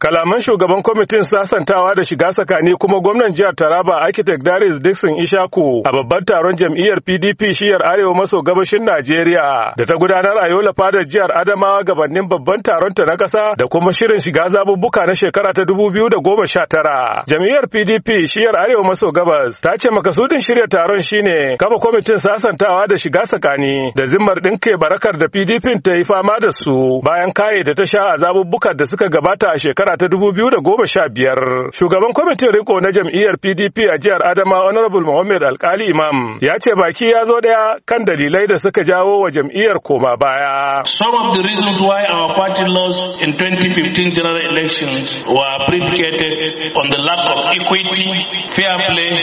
Kalaman shugaban kwamitin sasantawa da shiga tsakani kuma gwamnan jihar Taraba Architect Darius Dixon Ishaku a babban taron jam'iyyar PDP shiyar Arewa maso gabashin Najeriya da ta gudanar a Yola fadar jihar Adamawa gabanin babban taron ta na kasa da kuma shirin shiga zabubbuka na shekara ta dubu biyu da goma sha tara, Jam'iyyar PDP shiyar Arewa maso gabas ta ce makasudin shirya taron shine kafa kwamitin sasantawa da shiga tsakani da zimmar ke barakar da PDP ta yi fama da su bayan kaye da ta sha a zabubbukan da suka gabata a shekara shekara ta dubu biyu da goma sha biyar. Shugaban kwamitin riko na jam'iyyar PDP a jihar Adama Honorable Muhammad Alkali Imam ya ce baki ya zo daya kan dalilai da suka jawo wa jam'iyyar koma baya. Some of the reasons why our party lost in 2015 general elections were predicated on the lack of equity, fair play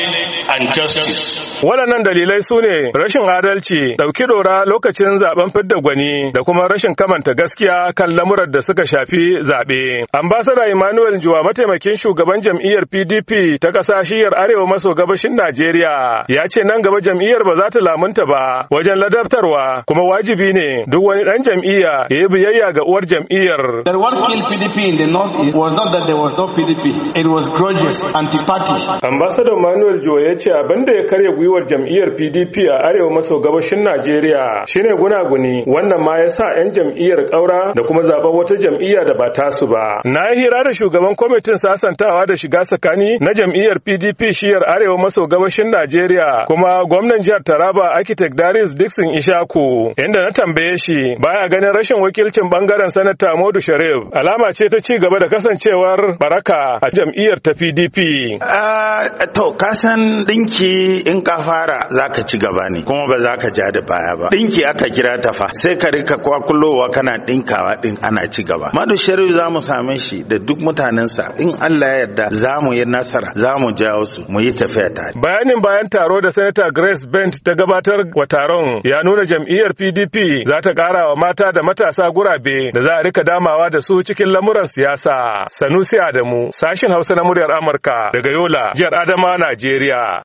and justice. Waɗannan dalilai su ne rashin adalci, ɗauki ɗora lokacin zaben fidda gwani da kuma rashin kamanta gaskiya kan lamurar da suka shafi zaɓe. ambasar Sanata Emmanuel Juwa mataimakin shugaban jam'iyyar PDP ta kasashiyar Arewa maso gabashin Najeriya ya ce nan gaba jam'iyyar ba za ta lamunta ba wajen ladabtarwa kuma wajibi ne duk wani dan jam'iyya ya yi biyayya ga uwar jam'iyyar. The what killed PDP in the north east was not that there was no PDP, it was grudges, anti-party. Ambassador Emmanuel Juwa ya ce abin da ya karya gwiwar jam'iyyar PDP a Arewa maso gabashin Najeriya shine gunaguni wannan ma ya sa 'yan jam'iyyar ƙaura da kuma zaɓen wata jam'iyya da ba tasu ba. Na hira da shugaban kwamitin sasantawa da shiga tsakani na jam'iyyar PDP shiyar Arewa maso gabashin Najeriya kuma gwamnan jihar Taraba Architect Darius Dixon Ishaku inda na tambaye shi baya ganin rashin wakilcin bangaren sanata Modu Sharif alama ce ta ci gaba da kasancewar baraka a jam'iyyar ta PDP. Ah, to kasan dinki in ka fara zaka ci gaba ne kuma ba za ka ja da baya ba. Dinki aka kira ta fa sai ka rika kwakulowa kana dinkawa din ana ci gaba. Madu Sharif za mu same shi da da duk mutanensa in Allah ya yarda za mu yi nasara za mu jawo su mu yi tafiya tare. Bayanin bayan taro da Sanata Grace Bent ta gabatar wa taron ya nuna jam'iyyar PDP za ta ƙara wa mata da matasa gurabe da za a rika damawa da su cikin lamuran siyasa. Sanusi Adamu, sashin Hausa na muryar Amurka daga Yola, jihar Adama, Najeriya.